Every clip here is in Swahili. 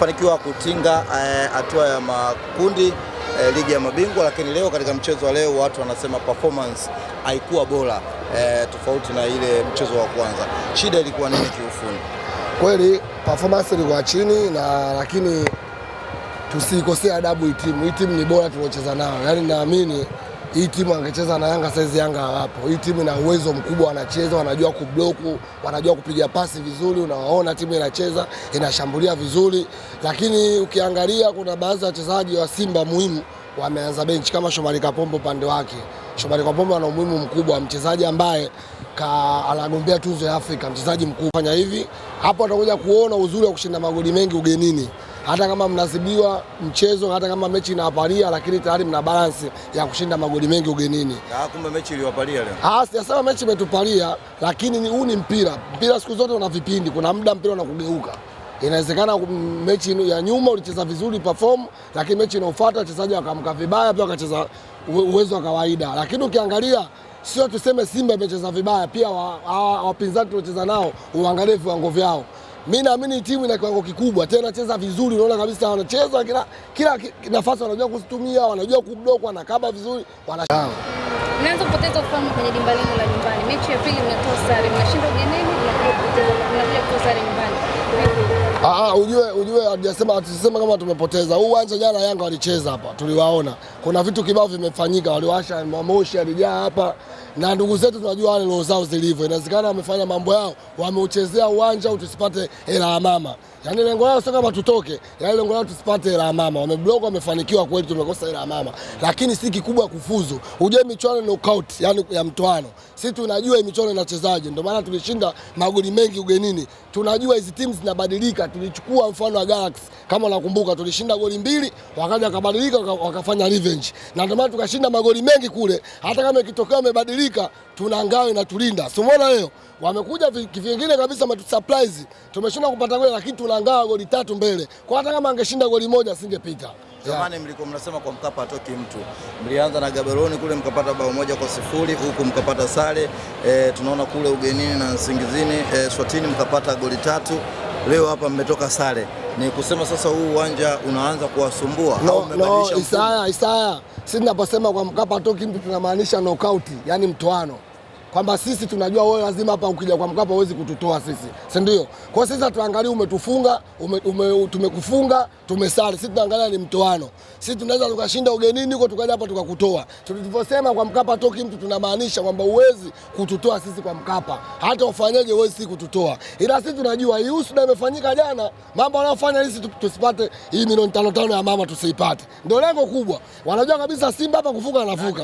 tumefanikiwa kutinga eh, hatua ya makundi e, ligi ya mabingwa, lakini leo katika mchezo wa leo watu wanasema performance haikuwa bora e, tofauti na ile mchezo wa kwanza. Shida ilikuwa nini kiufundi? Kweli performance ilikuwa chini na lakini tusiikosea adabu hii timu. Hii timu ni bora tuliocheza nayo, yaani naamini hii timu angecheza na Yanga saizi Yanga hawapo. Hii timu ina uwezo mkubwa, wanacheza, wanajua kubloku, wanajua kupiga pasi vizuri, unawaona timu inacheza, inashambulia vizuri, lakini ukiangalia kuna baadhi ya wachezaji wa Simba muhimu wameanza benchi kama Shomari Kapombo, upande wake Shomari Kapombo ana umuhimu mkubwa, mchezaji ambaye aka anagombea tuzo ya Afrika mchezaji mkuu. Fanya hivi hapo, atakuja kuona uzuri wa kushinda magoli mengi ugenini, hata kama mnazibiwa mchezo, hata kama mechi inawapalia, lakini tayari mna balance ya kushinda magoli mengi ugenini. Na ah, kumbe mechi iliwapalia leo. Ah, sijasema mechi imetupalia, lakini ni huu ni mpira. Mpira siku zote una vipindi, kuna muda mpira unakugeuka inawezekana mechi ya nyuma ulicheza vizuri perform, lakini mechi inayofuata wachezaji wakaamka vibaya, pia wakacheza uwezo wa kawaida, lakini ukiangalia sio tuseme Simba imecheza vibaya, pia wapinzani wa, wa, tunacheza nao uangalie viwango vyao. Mi naamini timu ina kiwango kikubwa, tena inacheza vizuri, unaona kabisa wanacheza kila, kila nafasi wanajua kuzitumia, wanajua kublock, wanakaba vizuri, wanashinda. Mnaanza kupoteza ufahamu kwenye dimba lenu la nyumbani. Mechi ya pili mnatoa sare, mnashinda ugenini, mnakuja kupoteza, mnakuja kutoa sare nyumbani. Ah, ah, ujue ujue hatujasema tusisema kama tumepoteza. Huu uwanja jana Yanga walicheza hapa. Tuliwaona. Kuna vitu kibao vimefanyika, waliwasha mamoshi alijaa hapa na ndugu zetu tunajua wale roho zao zilivyo. Inawezekana wamefanya mambo yao, wameuchezea uwanja au tusipate hela ya mama. Yaani lengo lao sio kama tutoke, yaani lengo lao tusipate hela ya mama. Wameblock, wamefanikiwa kweli, tumekosa hela ya mama, lakini si kikubwa kufuzu. Hujue michuano knockout, yani ya mtoano, Sisi tunajua hii michuano inachezaje, ndio maana tulishinda magoli mengi ugenini. Tunajua hizi timu zinabadilika. Tulichukua mfano wa Galaxy kama unakumbuka, tulishinda goli mbili, wakaja wakabadilika, wakafanya revenge, na ndio maana tukashinda magoli mengi kule, hata kama ikitokea wamebadilika ikibadilika, tuna ngao inatulinda. Si umeona leo wamekuja vingine kabisa, surprise, Tumeshinda kupata goli, lakini tuna ngao goli tatu mbele, kwa hata kama angeshinda goli moja asingepita. Jamani, mlikuwa mnasema kwa Mkapa atoki mtu. Mlianza na Gaberoni kule mkapata bao moja kwa sifuri, huku mkapata sare e, tunaona kule ugenini na Nsingizini e, Swatini mkapata goli tatu, leo hapa mmetoka sare ni kusema sasa huu uwanja unaanza kuwasumbua no, no, Isaya, Isaya, si tunaposema kwa Mkapa tu mtu tunamaanisha knockout, yani mtoano kwamba sisi tunajua wewe lazima hapa ukija kwa Mkapa huwezi kututoa sisi, si ndio? Kwa sisi tuangalie umetufunga ume, ume, tumekufunga tumesali, sisi tunaangalia ni mtoano. Sisi tunaweza tukashinda ugenini huko tukaja hapa tukakutoa. Tulivyosema kwa Mkapa toki mtu, tunamaanisha kwamba huwezi kututoa sisi kwa Mkapa, hata ufanyaje huwezi sisi kututoa, ila sisi tunajua hii husuda imefanyika jana, mambo wanayofanya sisi tusipate hii milioni tano tano ya mama tusipate, ndio lengo kubwa. Wanajua kabisa Simba hapa kufuka anafuka,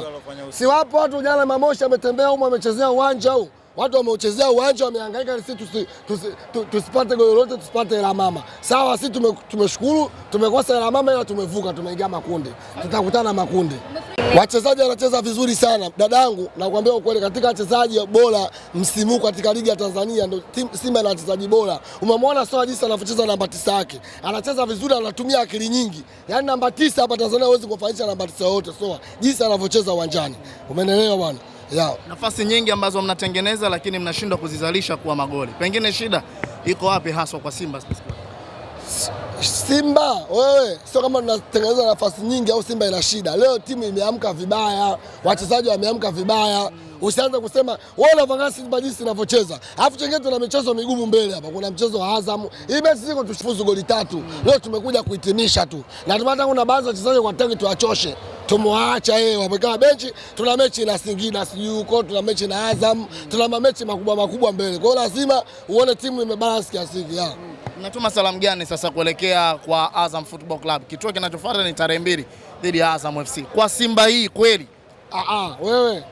si wapo watu jana, Mamosha ametembea huko amecheza wamechezea uwanja huu, watu wameuchezea uwanja, wameangaika sisi tusi, tusi, tusi, tusipate goli lolote, tusipate hela mama. Sawa, sisi tume, tumeshukuru, tumekosa hela mama, ila tumevuka, tumeingia makundi, tutakutana makundi. Wachezaji wanacheza vizuri sana dadangu, nakwambia ukweli, katika wachezaji bora msimu katika ligi ya Tanzania ndio Simba ina wachezaji bora. Umemwona sawa jinsi anavyocheza namba tisa yake, anacheza vizuri, anatumia akili nyingi. Yaani namba tisa hapa Tanzania huwezi kufanisha namba tisa yote sawa jinsi anavyocheza uwanjani, umeelewa bwana? yao. Nafasi nyingi ambazo mnatengeneza lakini mnashindwa kuzizalisha kuwa magoli, pengine shida iko wapi haswa kwa Simba? Simba wewe, sio kama tunatengeneza nafasi nyingi au Simba ina shida. Leo timu imeamka vibaya, wachezaji wameamka vibaya. Usianze kusema wala vangasi bajisi inavyocheza. Alafu chengine tuna michezo migumu mbele hapa. Kuna mchezo wa Azam. Hii mechi ziko tusifuzu goli tatu. Leo tumekuja kuhitimisha tu. Na tumata kuna baadhi ya wachezaji kwa tangi tuachoshe. Tumwaacha yeye wamekaa benchi. Tuna mechi na Singida sijui huko, tuna mechi na Azam, tuna mamechi makubwa makubwa mbele. Kwa hiyo lazima uone timu imebalance kiasi gani. Natuma salamu gani sasa kuelekea kwa Azam Football Club? Kituo kinachofuata ni tarehe mbili dhidi ya Azam FC. Kwa Simba hii kweli? Ah ah, wewe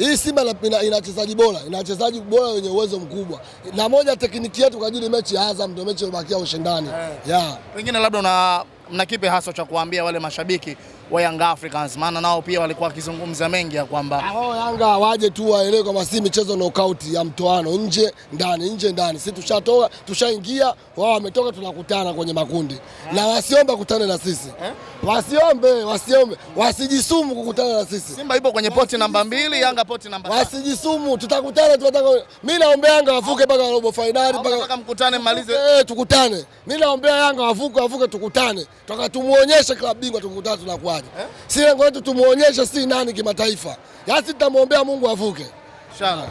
hii Simba ina wachezaji bora, ina wachezaji bora wenye uwezo mkubwa, na moja tekniki yetu kwa ajili mechi ya Azam ndio mechi iliyobakia ushindani. Eh. Pengine labda mna kipi hasa cha kuambia wale mashabiki wa Young Africans, maana nao pia walikuwa wakizungumza mengi ya kwamba hao ah, oh, Yanga waje tu waelewe kwamba si michezo knockout ya mtoano, nje ndani, nje ndani. si tushatoka tushaingia, wao wametoka, tunakutana kwenye makundi ha. Eh? Na wasiombe kukutana na sisi ha? Eh? Wasiombe, wasiombe, wasijisumu kukutana na sisi. Simba ipo kwenye poti namba mbili, Yanga poti namba tatu. Wasijisumu, tutakutana, tunataka mimi naombea Yanga wavuke mpaka robo finali mpaka mpaka mkutane malize, Eh, tukutane. Mimi naombea Yanga wavuke, wavuke tukutane. Tukatumuonyeshe klabu bingwa tukutane tunakuwa kufanya eh? Si lengo letu tumuonyeshe si nani kimataifa, yasi tutamwombea Mungu avuke inshallah.